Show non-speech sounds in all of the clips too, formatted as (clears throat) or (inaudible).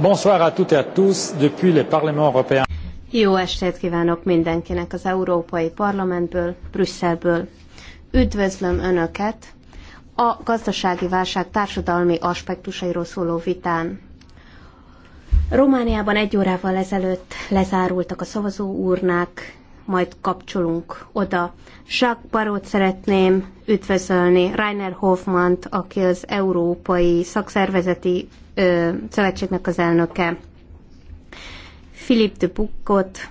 Bonsoir à toutes et à tous depuis le Parlement européen. Jó estét kívánok mindenkinek az Európai Parlamentből, Brüsszelből. Üdvözlöm Önöket a gazdasági válság társadalmi aspektusairól szóló vitán. Romániában egy órával ezelőtt lezárultak a szavazóurnák, majd kapcsolunk oda. Jacques Barót szeretném üdvözölni, Rainer t aki az Európai Szakszervezeti ö, szövetségnek az elnöke, Philip de Bukkot,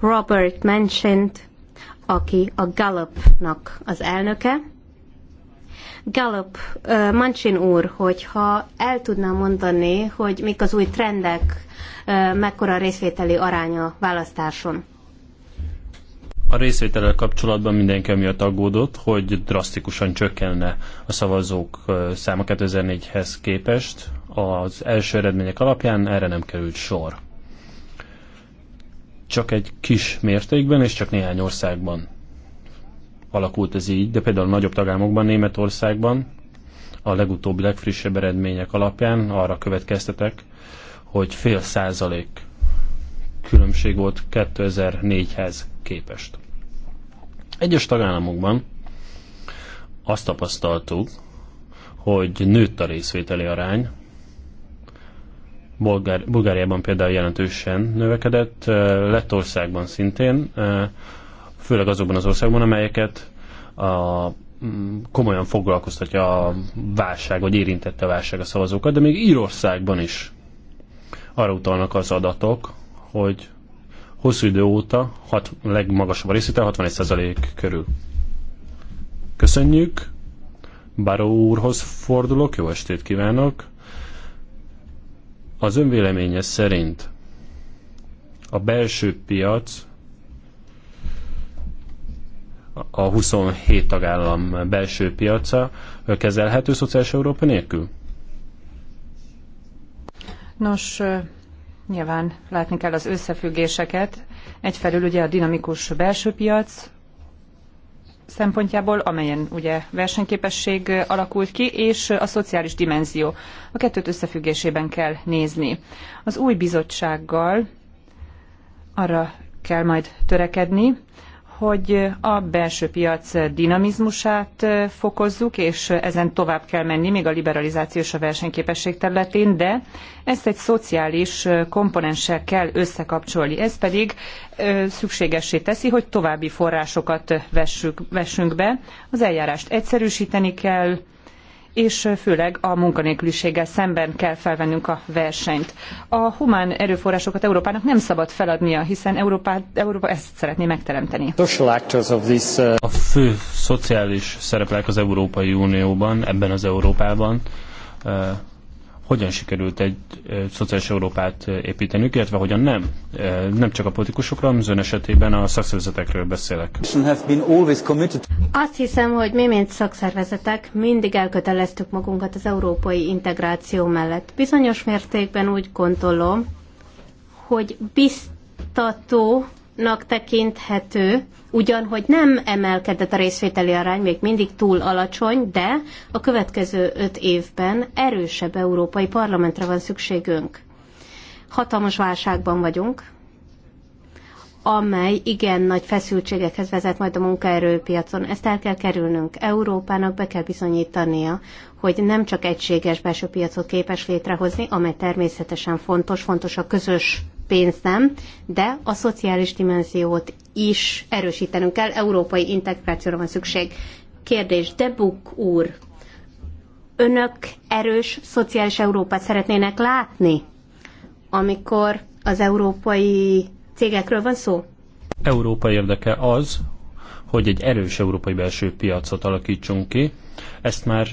Robert Manchin, aki a Gallupnak az elnöke. Gallup, uh, Mancsin úr, hogyha el tudná mondani, hogy mik az új trendek, uh, mekkora részvételi aránya választáson. A részvétellel kapcsolatban mindenki amiatt aggódott, hogy drasztikusan csökkenne a szavazók száma 2004-hez képest. Az első eredmények alapján erre nem került sor. Csak egy kis mértékben és csak néhány országban alakult ez így, de például a nagyobb tagállamokban, Németországban a legutóbbi, legfrissebb eredmények alapján arra következtetek, hogy fél százalék különbség volt 2004-hez képest. Egyes tagállamokban azt tapasztaltuk, hogy nőtt a részvételi arány, Bulgár, Bulgáriában például jelentősen növekedett, Lettországban szintén, főleg azokban az országban, amelyeket a, mm, komolyan foglalkoztatja a válság, vagy érintette a válság a szavazókat, de még Írországban is arra utalnak az adatok, hogy hosszú idő óta hat, legmagasabb a részvétel 61% körül. Köszönjük! Baró úrhoz fordulok, jó estét kívánok! Az önvéleménye szerint a belső piac a 27 tagállam belső piaca kezelhető szociális Európa nélkül? Nos, Nyilván látni kell az összefüggéseket. Egyfelől ugye a dinamikus belső piac szempontjából, amelyen ugye versenyképesség alakult ki, és a szociális dimenzió. A kettőt összefüggésében kell nézni. Az új bizottsággal arra kell majd törekedni, hogy a belső piac dinamizmusát fokozzuk, és ezen tovább kell menni, még a liberalizáció és a versenyképesség területén, de ezt egy szociális komponenssel kell összekapcsolni. Ez pedig szükségessé teszi, hogy további forrásokat vessük, vessünk be. Az eljárást egyszerűsíteni kell, és főleg a munkanélküliséggel szemben kell felvennünk a versenyt. A humán erőforrásokat Európának nem szabad feladnia, hiszen Európa, Európa ezt szeretné megteremteni. Uh, a fő szociális szereplők az Európai Unióban, ebben az Európában uh, hogyan sikerült egy szociális Európát építenünk, illetve hogyan nem. Nem csak a politikusokra, hanem az ön esetében a szakszervezetekről beszélek. Azt hiszem, hogy mi, mint szakszervezetek, mindig elköteleztük magunkat az európai integráció mellett. Bizonyos mértékben úgy gondolom, hogy biztató pozitívnak tekinthető, ugyanhogy nem emelkedett a részvételi arány, még mindig túl alacsony, de a következő öt évben erősebb európai parlamentre van szükségünk. Hatalmas válságban vagyunk, amely igen nagy feszültségekhez vezet majd a munkaerőpiacon. Ezt el kell kerülnünk. Európának be kell bizonyítania, hogy nem csak egységes belső piacot képes létrehozni, amely természetesen fontos, fontos a közös pénz nem, de a szociális dimenziót is erősítenünk kell, európai integrációra van szükség. Kérdés, Debuk úr, önök erős szociális Európát szeretnének látni, amikor az európai cégekről van szó? Európa érdeke az, hogy egy erős európai belső piacot alakítsunk ki. Ezt már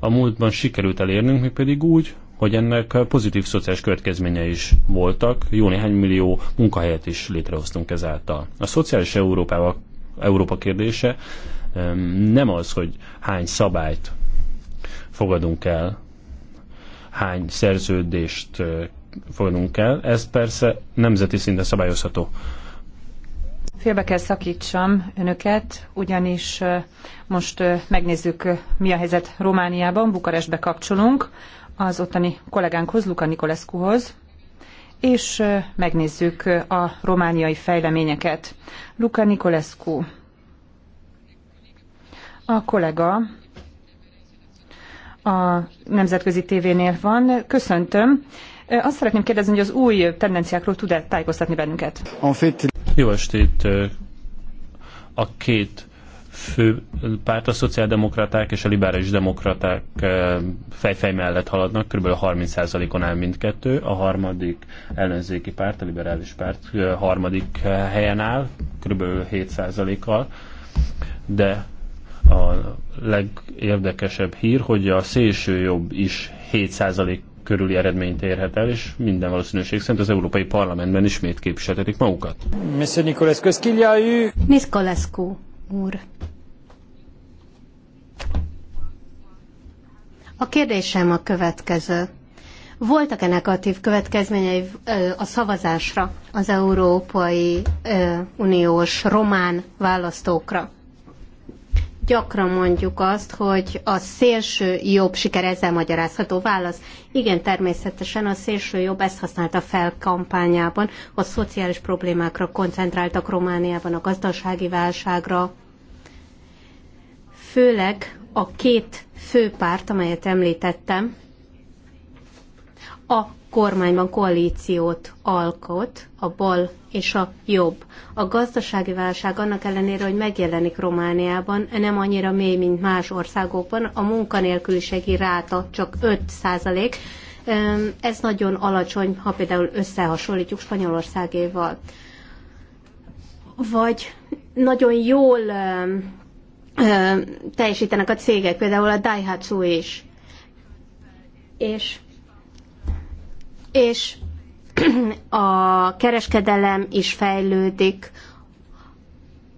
a múltban sikerült elérnünk, pedig úgy, hogy ennek pozitív szociális következményei is voltak, jó néhány millió munkahelyet is létrehoztunk ezáltal. A szociális Európával, Európa kérdése nem az, hogy hány szabályt fogadunk el, hány szerződést fogadunk el, ez persze nemzeti szinten szabályozható. Félbe kell szakítsam önöket, ugyanis most megnézzük, mi a helyzet Romániában, Bukarestbe kapcsolunk, az ottani kollégánkhoz, Luka Nikolescuhoz, és megnézzük a romániai fejleményeket. Luka Nikolescu, a kollega a Nemzetközi TV-nél van. Köszöntöm. Azt szeretném kérdezni, hogy az új tendenciákról tud-e tájékoztatni bennünket? Jó estét! A két fő párt, a szociáldemokraták és a liberális demokraták eh, fejfej mellett haladnak, kb. 30%-on áll mindkettő, a harmadik ellenzéki párt, a liberális párt eh, harmadik eh, helyen áll, kb. 7%-kal, de a legérdekesebb hír, hogy a szélső jobb is 7% körüli eredményt érhet el, és minden valószínűség szerint az Európai Parlamentben ismét képviseltetik magukat. Mr. Nicolescu, Nicolescu úr. A kérdésem a következő. Voltak-e negatív következményei a szavazásra az Európai Uniós román választókra? gyakran mondjuk azt, hogy a szélső jobb siker ezzel magyarázható válasz. Igen, természetesen a szélső jobb ezt használta fel kampányában, a szociális problémákra koncentráltak Romániában, a gazdasági válságra. Főleg a két fő párt, amelyet említettem, a kormányban koalíciót alkot, a bal és a jobb. A gazdasági válság annak ellenére, hogy megjelenik Romániában, nem annyira mély, mint más országokban. A munkanélküliségi ráta csak 5 százalék. Ez nagyon alacsony, ha például összehasonlítjuk Spanyolországéval. Vagy nagyon jól teljesítenek a cégek, például a Daihatsu is. És és (clears throat) a kereskedelem is fejlődik.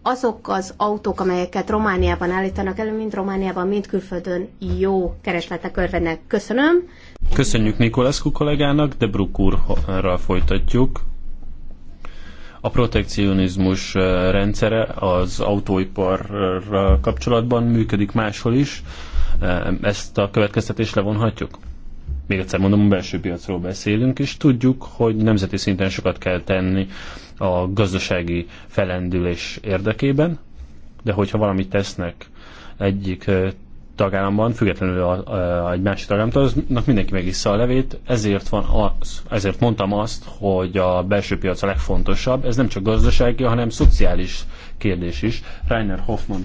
Azok az autók, amelyeket Romániában állítanak elő, mind Romániában, mind külföldön jó keresletek örvenek. Köszönöm. Köszönjük Nikolászku kollégának, de Bruk úrral folytatjuk. A protekcionizmus eh, rendszere az autóiparral kapcsolatban működik máshol is. Eh, ezt a következtetést levonhatjuk? még egyszer mondom, a belső piacról beszélünk, és tudjuk, hogy nemzeti szinten sokat kell tenni a gazdasági felendülés érdekében, de hogyha valamit tesznek egyik tagállamban, függetlenül a, a, egy másik tagállamtól, aznak mindenki megissza a levét, ezért, van az, ezért mondtam azt, hogy a belső piac a legfontosabb, ez nem csak gazdasági, hanem szociális kérdés is. Rainer Hoffman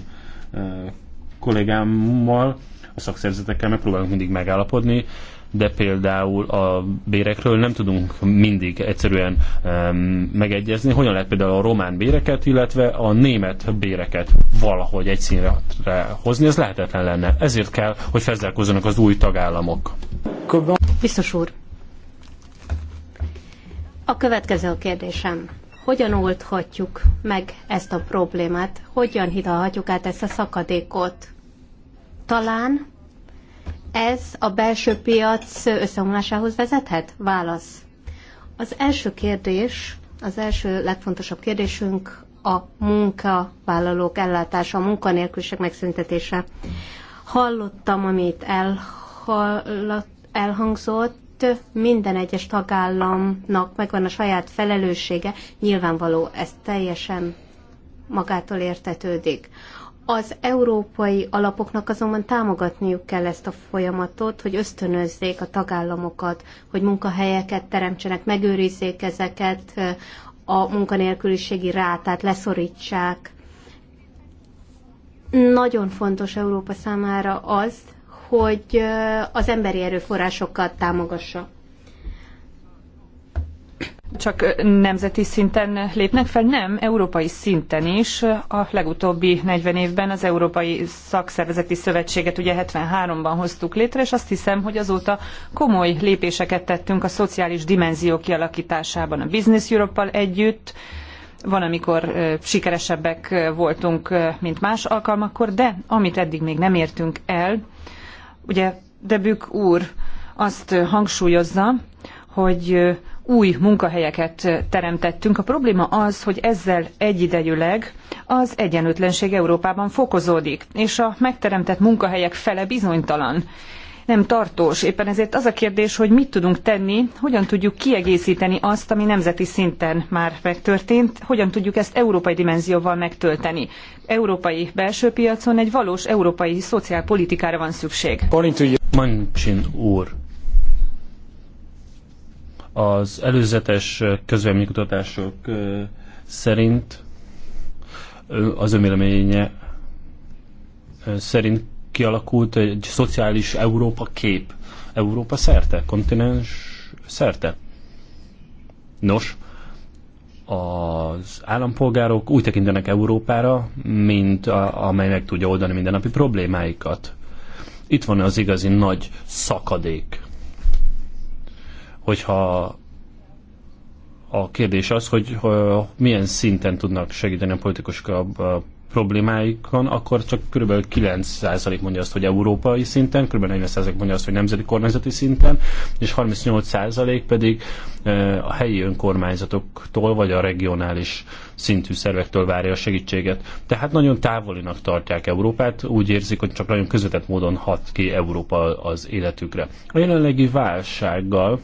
kollégámmal, a szakszerzetekkel megpróbálunk mindig megállapodni, de például a bérekről nem tudunk mindig egyszerűen um, megegyezni. Hogyan lehet például a román béreket, illetve a német béreket valahogy egy színre hozni, ez lehetetlen lenne. Ezért kell, hogy felzárkózzanak az új tagállamok. Biztos úr, a következő a kérdésem. Hogyan oldhatjuk meg ezt a problémát? Hogyan hidalhatjuk át ezt a szakadékot? Talán ez a belső piac összeomlásához vezethet? Válasz. Az első kérdés, az első legfontosabb kérdésünk a munkavállalók ellátása, a munkanélküliség megszüntetése. Hallottam, amit elhallott, elhangzott, minden egyes tagállamnak megvan a saját felelőssége, nyilvánvaló, ez teljesen magától értetődik. Az európai alapoknak azonban támogatniuk kell ezt a folyamatot, hogy ösztönözzék a tagállamokat, hogy munkahelyeket teremtsenek, megőrizzék ezeket, a munkanélküliségi rátát leszorítsák. Nagyon fontos Európa számára az, hogy az emberi erőforrásokat támogassa csak nemzeti szinten lépnek fel, nem, európai szinten is. A legutóbbi 40 évben az Európai Szakszervezeti Szövetséget ugye 73-ban hoztuk létre, és azt hiszem, hogy azóta komoly lépéseket tettünk a szociális dimenzió kialakításában a Business Europe-al együtt, van, amikor sikeresebbek voltunk, mint más alkalmakkor, de amit eddig még nem értünk el, ugye Debük úr azt hangsúlyozza, hogy új munkahelyeket teremtettünk. A probléma az, hogy ezzel egyidejűleg az egyenlőtlenség Európában fokozódik, és a megteremtett munkahelyek fele bizonytalan nem tartós. Éppen ezért az a kérdés, hogy mit tudunk tenni, hogyan tudjuk kiegészíteni azt, ami nemzeti szinten már megtörtént, hogyan tudjuk ezt európai dimenzióval megtölteni. Európai belső piacon egy valós európai szociálpolitikára van szükség. Manchin úr, az előzetes közvéleménykutatások szerint az önvéleménye szerint kialakult egy szociális Európa kép. Európa szerte, kontinens szerte. Nos, az állampolgárok úgy tekintenek Európára, mint a, amely meg tudja oldani mindennapi problémáikat. Itt van az igazi nagy szakadék hogyha a kérdés az, hogy milyen szinten tudnak segíteni a politikusok a problémáikon, akkor csak kb. 9% mondja azt, hogy európai szinten, kb. 40% mondja azt, hogy nemzeti kormányzati szinten, és 38% pedig a helyi önkormányzatoktól vagy a regionális szintű szervektől várja a segítséget. Tehát nagyon távolinak tartják Európát, úgy érzik, hogy csak nagyon közvetett módon hat ki Európa az életükre. A jelenlegi válsággal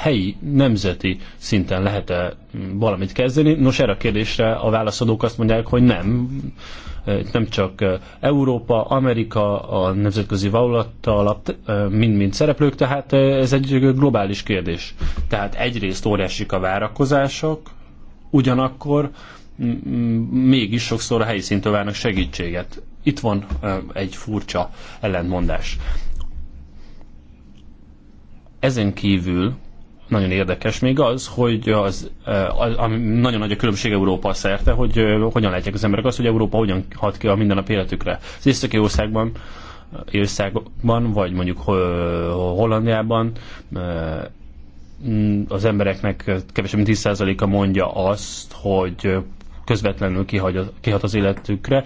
helyi, nemzeti szinten lehet-e valamit kezdeni? Nos, erre a kérdésre a válaszadók azt mondják, hogy nem. Nem csak Európa, Amerika, a nemzetközi vállalata alap mind-mind szereplők, tehát ez egy globális kérdés. Tehát egyrészt óriásik a várakozások, ugyanakkor mégis sokszor a helyi szintől várnak segítséget. Itt van egy furcsa ellentmondás. Ezen kívül nagyon érdekes még az, hogy az, eh, az, az nagyon nagy a különbség Európa szerte, hogy eh, hogyan látják az emberek azt, hogy Európa hogyan hat ki a mindennapi életükre. Az északi országban eh, országban, vagy mondjuk Hollandiában mm, az embereknek kevesebb mint 10%-a mondja azt, hogy közvetlenül kihagy, kihat az életükre,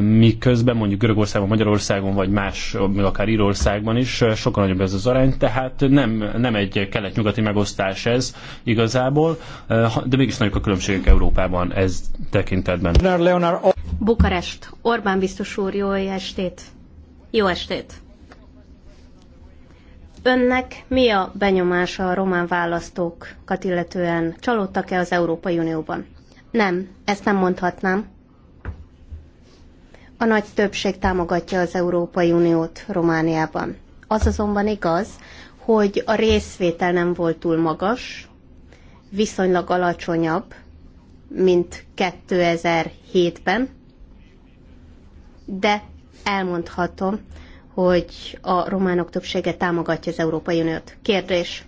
miközben mondjuk Görögországban, Magyarországon, vagy más, akár Írországban is sokkal nagyobb ez az arány, tehát nem, nem egy kelet-nyugati megosztás ez igazából, de mégis nagyok a különbségek Európában ez tekintetben. Bukarest, Orbán biztos úr, jó estét! Jó estét! Önnek mi a benyomása a román választókat illetően? Csalódtak-e az Európai Unióban? Nem, ezt nem mondhatnám a nagy többség támogatja az Európai Uniót Romániában. Az azonban igaz, hogy a részvétel nem volt túl magas, viszonylag alacsonyabb, mint 2007-ben, de elmondhatom, hogy a románok többsége támogatja az Európai Uniót. Kérdés.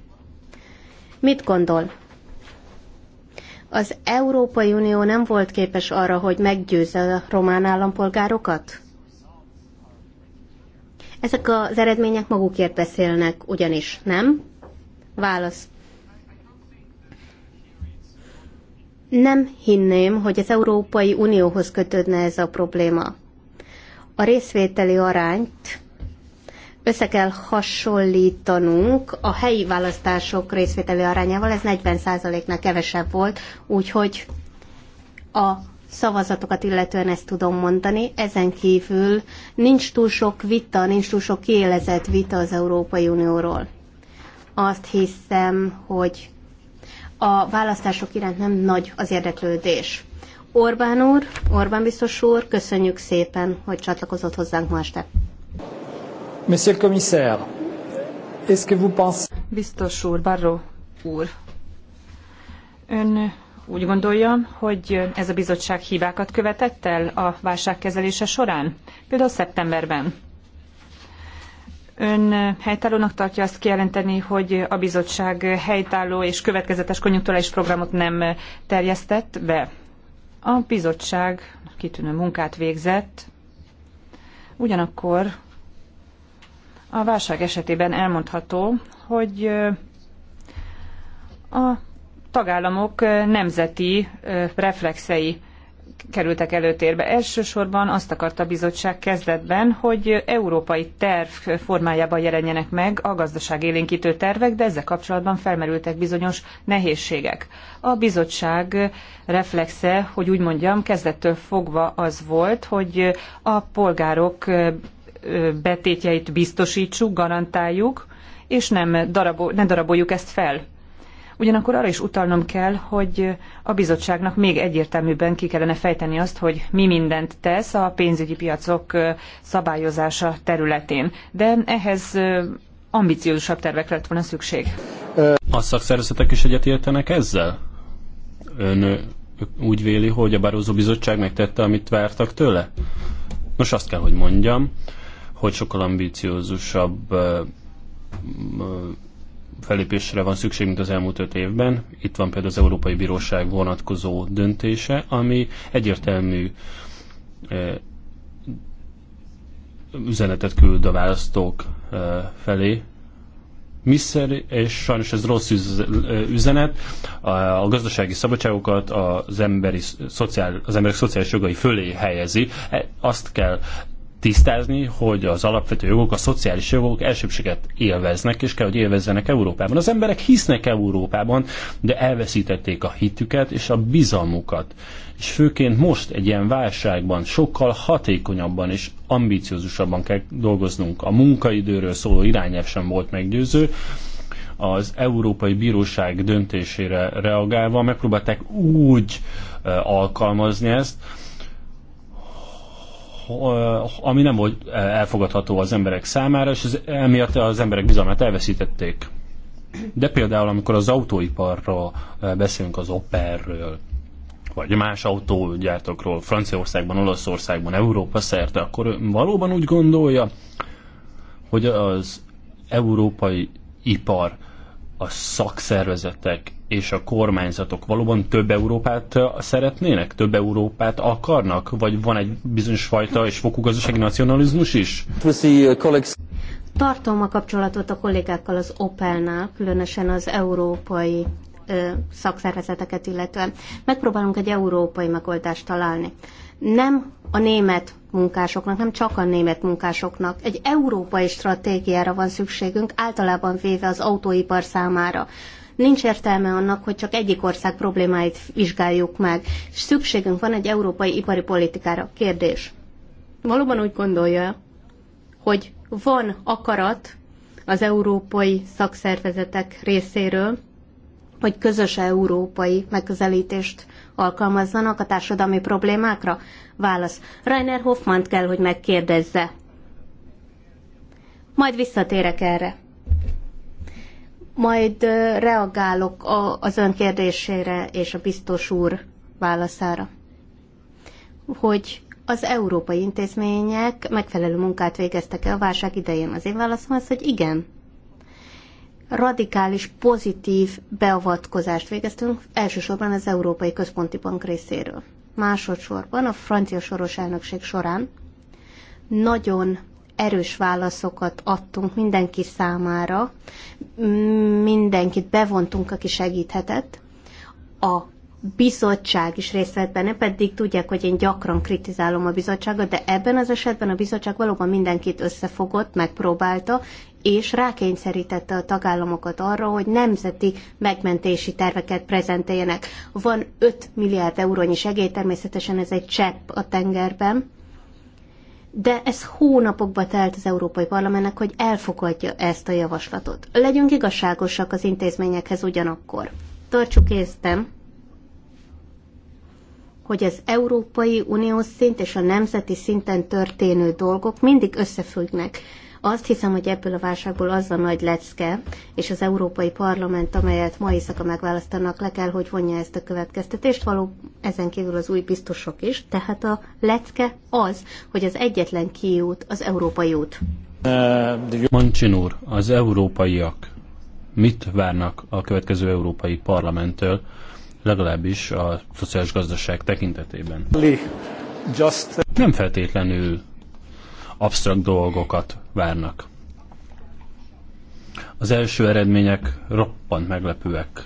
Mit gondol? az Európai Unió nem volt képes arra, hogy meggyőzze a román állampolgárokat? Ezek az eredmények magukért beszélnek ugyanis, nem? Válasz. Nem hinném, hogy az Európai Unióhoz kötődne ez a probléma. A részvételi arányt össze kell hasonlítanunk a helyi választások részvételi arányával, ez 40%-nál kevesebb volt, úgyhogy a szavazatokat illetően ezt tudom mondani. Ezen kívül nincs túl sok vita, nincs túl sok kiélezett vita az Európai Unióról. Azt hiszem, hogy a választások iránt nem nagy az érdeklődés. Orbán úr, Orbán biztos úr, köszönjük szépen, hogy csatlakozott hozzánk ma este. Monsieur le commissaire, est-ce que vous pensez... Biztos úr, Barro úr, ön úgy gondolja, hogy ez a bizottság hibákat követett el a válságkezelése során? Például szeptemberben. Ön helytállónak tartja azt kijelenteni, hogy a bizottság helytálló és következetes konjunkturális programot nem terjesztett be. A bizottság kitűnő munkát végzett, ugyanakkor a válság esetében elmondható, hogy a tagállamok nemzeti reflexei kerültek előtérbe. Elsősorban azt akarta a bizottság kezdetben, hogy európai terv formájában jelenjenek meg a élénkítő tervek, de ezzel kapcsolatban felmerültek bizonyos nehézségek. A bizottság reflexe, hogy úgy mondjam, kezdettől fogva az volt, hogy a polgárok betétjeit biztosítsuk, garantáljuk, és nem darabo, ne daraboljuk ezt fel. Ugyanakkor arra is utalnom kell, hogy a bizottságnak még egyértelműbben ki kellene fejteni azt, hogy mi mindent tesz a pénzügyi piacok szabályozása területén. De ehhez ambiciózusabb tervekre lett volna szükség. A szakszervezetek is egyetértenek ezzel? Ön úgy véli, hogy a Barózó Bizottság megtette, amit vártak tőle? Nos, azt kell, hogy mondjam, hogy sokkal ambiciózusabb felépésre van szükség, mint az elmúlt öt évben. Itt van például az Európai Bíróság vonatkozó döntése, ami egyértelmű üzenetet küld a választók felé, Miszer, és sajnos ez rossz üzenet, a gazdasági szabadságokat az, emberi, szociál, az emberek szociális jogai fölé helyezi. E, azt kell tisztázni, hogy az alapvető jogok, a szociális jogok elsőbséget élveznek, és kell, hogy élvezzenek Európában. Az emberek hisznek Európában, de elveszítették a hitüket és a bizalmukat. És főként most egy ilyen válságban sokkal hatékonyabban és ambiciózusabban kell dolgoznunk. A munkaidőről szóló irányelv sem volt meggyőző, az Európai Bíróság döntésére reagálva megpróbálták úgy alkalmazni ezt, ami nem volt elfogadható az emberek számára, és az, emiatt az emberek bizalmát elveszítették. De például, amikor az autóiparról beszélünk, az Operről, vagy más autógyártókról Franciaországban, Olaszországban, Európa szerte, akkor valóban úgy gondolja, hogy az európai ipar a szakszervezetek és a kormányzatok valóban több Európát uh, szeretnének? Több Európát akarnak? Vagy van egy bizonyos fajta és fokú gazdasági nacionalizmus is? Uh, Tartom a kapcsolatot a kollégákkal az Opelnál, különösen az európai ö, uh, szakszervezeteket illetően. Megpróbálunk egy európai megoldást találni nem a német munkásoknak, nem csak a német munkásoknak. Egy európai stratégiára van szükségünk, általában véve az autóipar számára. Nincs értelme annak, hogy csak egyik ország problémáit vizsgáljuk meg. Szükségünk van egy európai ipari politikára. Kérdés. Valóban úgy gondolja, hogy van akarat az európai szakszervezetek részéről, hogy közös európai megközelítést alkalmazzanak a társadalmi problémákra? Válasz. Rainer Hoffmann kell, hogy megkérdezze. Majd visszatérek erre. Majd reagálok az ön kérdésére és a biztos úr válaszára. Hogy az európai intézmények megfelelő munkát végeztek e a válság idején? Az én válaszom az, hogy igen radikális, pozitív beavatkozást végeztünk, elsősorban az Európai Központi Bank részéről. Másodszorban a francia soros elnökség során nagyon erős válaszokat adtunk mindenki számára, mindenkit bevontunk, aki segíthetett. A bizottság is részt vett benne, pedig tudják, hogy én gyakran kritizálom a bizottságot, de ebben az esetben a bizottság valóban mindenkit összefogott, megpróbálta, és rákényszerítette a tagállamokat arra, hogy nemzeti megmentési terveket prezentéljenek. Van 5 milliárd eurónyi segély, természetesen ez egy csepp a tengerben, de ez hónapokba telt az Európai Parlamentnek, hogy elfogadja ezt a javaslatot. Legyünk igazságosak az intézményekhez ugyanakkor. Tartsuk észtem, hogy az Európai Uniós szint és a nemzeti szinten történő dolgok mindig összefüggnek. Azt hiszem, hogy ebből a válságból az a nagy lecke, és az Európai Parlament, amelyet ma éjszaka megválasztanak, le kell, hogy vonja ezt a következtetést, való ezen kívül az új biztosok is. Tehát a lecke az, hogy az egyetlen kiút az Európai út. Mancsin úr, az európaiak mit várnak a következő Európai Parlamenttől, legalábbis a szociális gazdaság tekintetében? Just... Nem feltétlenül absztrakt dolgokat várnak. Az első eredmények roppant meglepőek.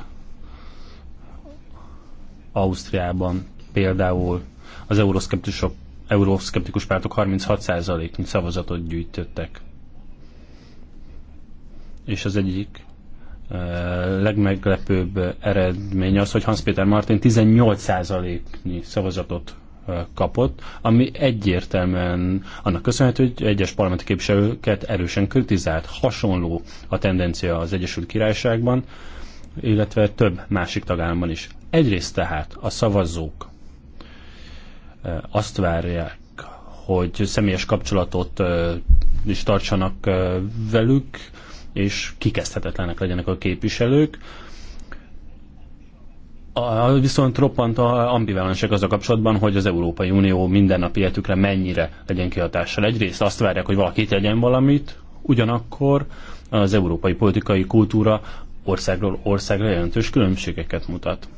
Ausztriában például az euroszkeptusok, euroszkeptikus pártok 36%-nyi szavazatot gyűjtöttek. És az egyik eh, legmeglepőbb eredmény az, hogy Hans Peter Martin 18%-nyi szavazatot kapott, ami egyértelműen annak köszönhető, hogy egyes parlamenti képviselőket erősen kritizált. Hasonló a tendencia az Egyesült Királyságban, illetve több másik tagállamban is. Egyrészt tehát a szavazók azt várják, hogy személyes kapcsolatot is tartsanak velük, és kikezdhetetlenek legyenek a képviselők a, viszont roppant a ambivalensek az a kapcsolatban, hogy az Európai Unió mindennapi életükre mennyire legyen kihatással. Egyrészt azt várják, hogy valaki tegyen valamit, ugyanakkor az európai politikai kultúra országról országra jelentős különbségeket mutat.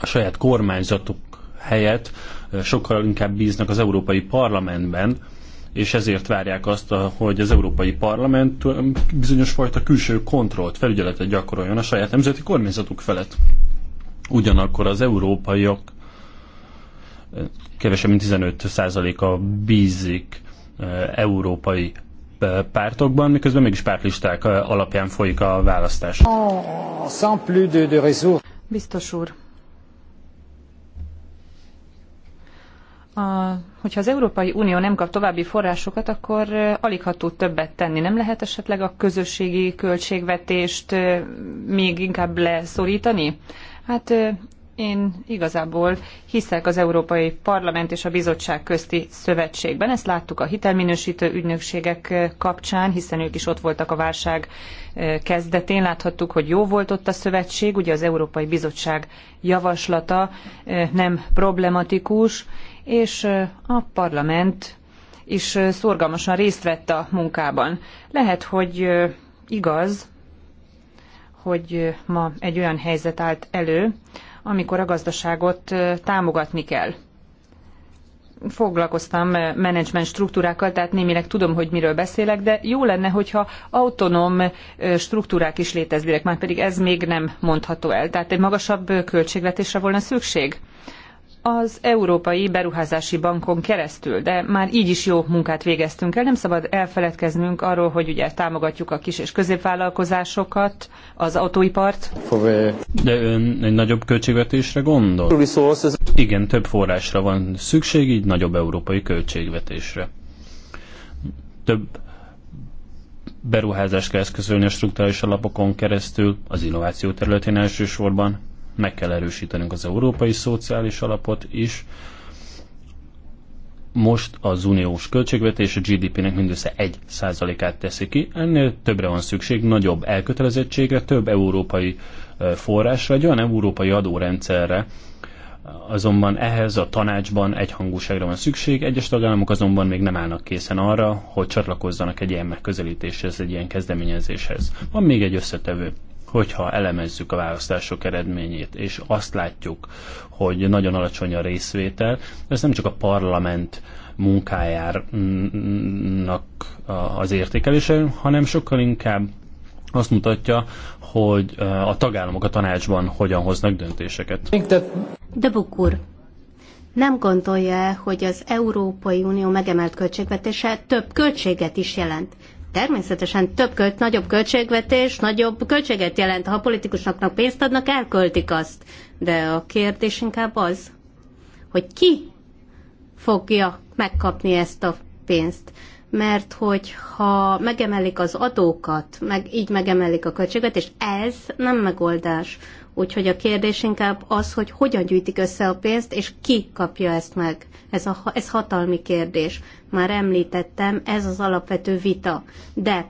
A saját kormányzatuk helyett sokkal inkább bíznak az Európai Parlamentben, és ezért várják azt, hogy az Európai Parlament bizonyos fajta külső kontrollt, felügyeletet gyakoroljon a saját nemzeti kormányzatuk felett. Ugyanakkor az európaiak eh, kevesebb mint 15%-a bízik eh, európai eh, pártokban, miközben mégis pártlisták alapján folyik a választás. Biztos úr, a, hogyha az Európai Unió nem kap további forrásokat, akkor alig ha tud többet tenni. Nem lehet esetleg a közösségi költségvetést még inkább leszorítani? Hát én igazából hiszek az Európai Parlament és a Bizottság közti szövetségben. Ezt láttuk a hitelminősítő ügynökségek kapcsán, hiszen ők is ott voltak a válság kezdetén. Láthattuk, hogy jó volt ott a szövetség, ugye az Európai Bizottság javaslata nem problematikus, és a parlament is szorgalmasan részt vett a munkában. Lehet, hogy igaz, hogy ma egy olyan helyzet állt elő, amikor a gazdaságot támogatni kell. Foglalkoztam menedzsment struktúrákkal, tehát némileg tudom, hogy miről beszélek, de jó lenne, hogyha autonóm struktúrák is léteznének, már pedig ez még nem mondható el. Tehát egy magasabb költségvetésre volna szükség az Európai Beruházási Bankon keresztül, de már így is jó munkát végeztünk el. Nem szabad elfeledkeznünk arról, hogy ugye támogatjuk a kis és középvállalkozásokat, az autóipart. De ön egy nagyobb költségvetésre gondol? Igen, több forrásra van szükség, így nagyobb európai költségvetésre. Több beruházást kell eszközölni a strukturális alapokon keresztül, az innováció területén elsősorban, meg kell erősítenünk az európai szociális alapot is. Most az uniós költségvetés a GDP-nek mindössze 1%-át teszi ki, ennél többre van szükség, nagyobb elkötelezettségre, több európai forrásra, egy olyan európai adórendszerre, azonban ehhez a tanácsban egyhangúságra van szükség, egyes tagállamok azonban még nem állnak készen arra, hogy csatlakozzanak egy ilyen megközelítéshez, egy ilyen kezdeményezéshez. Van még egy összetevő hogyha elemezzük a választások eredményét, és azt látjuk, hogy nagyon alacsony a részvétel, ez nem csak a parlament munkájának az értékelése, hanem sokkal inkább azt mutatja, hogy a tagállamok a tanácsban hogyan hoznak döntéseket. De Bukur, nem gondolja hogy az Európai Unió megemelt költségvetése több költséget is jelent? Természetesen több költ, nagyobb költségvetés, nagyobb költséget jelent. Ha a politikusoknak pénzt adnak, elköltik azt. De a kérdés inkább az, hogy ki fogja megkapni ezt a pénzt. Mert hogyha megemelik az adókat, meg így megemelik a költségvetést, ez nem megoldás. Úgyhogy a kérdés inkább az, hogy hogyan gyűjtik össze a pénzt, és ki kapja ezt meg. Ez, a, ez hatalmi kérdés már említettem, ez az alapvető vita. De,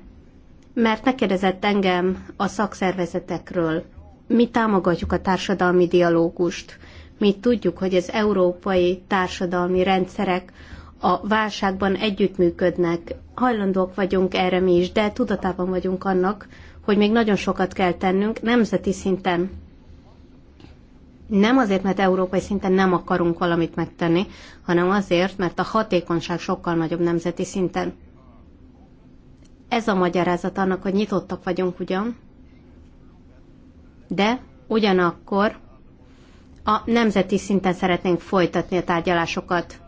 mert kérdezett engem a szakszervezetekről, mi támogatjuk a társadalmi dialógust. Mi tudjuk, hogy az európai társadalmi rendszerek a válságban együttműködnek. Hajlandók vagyunk erre mi is, de tudatában vagyunk annak, hogy még nagyon sokat kell tennünk nemzeti szinten nem azért, mert európai szinten nem akarunk valamit megtenni, hanem azért, mert a hatékonyság sokkal nagyobb nemzeti szinten. Ez a magyarázat annak, hogy nyitottak vagyunk ugyan, de ugyanakkor a nemzeti szinten szeretnénk folytatni a tárgyalásokat.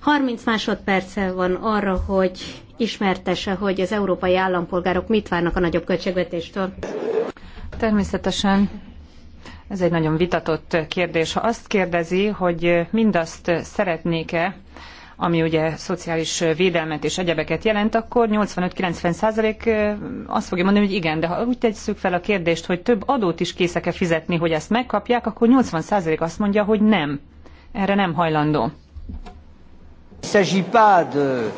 30 másodperce van arra, hogy ismertese, hogy az európai állampolgárok mit várnak a nagyobb költségvetéstől. Természetesen ez egy nagyon vitatott kérdés. Ha azt kérdezi, hogy mindazt szeretnék-e, ami ugye szociális védelmet és egyebeket jelent, akkor 85-90 százalék azt fogja mondani, hogy igen, de ha úgy tesszük fel a kérdést, hogy több adót is készek-e fizetni, hogy ezt megkapják, akkor 80 százalék azt mondja, hogy nem. Erre nem hajlandó.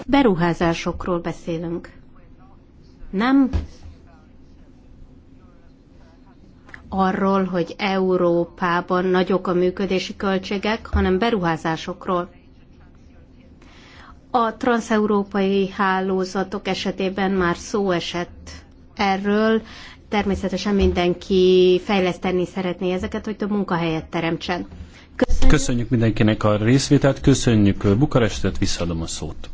Beruházásokról beszélünk. Nem arról, hogy Európában nagyok a működési költségek, hanem beruházásokról. A transeurópai hálózatok esetében már szó esett erről, természetesen mindenki fejleszteni szeretné ezeket, hogy több munkahelyet teremtsen. Köszönjük, köszönjük mindenkinek a részvételt, köszönjük Bukarestet, visszaadom a szót.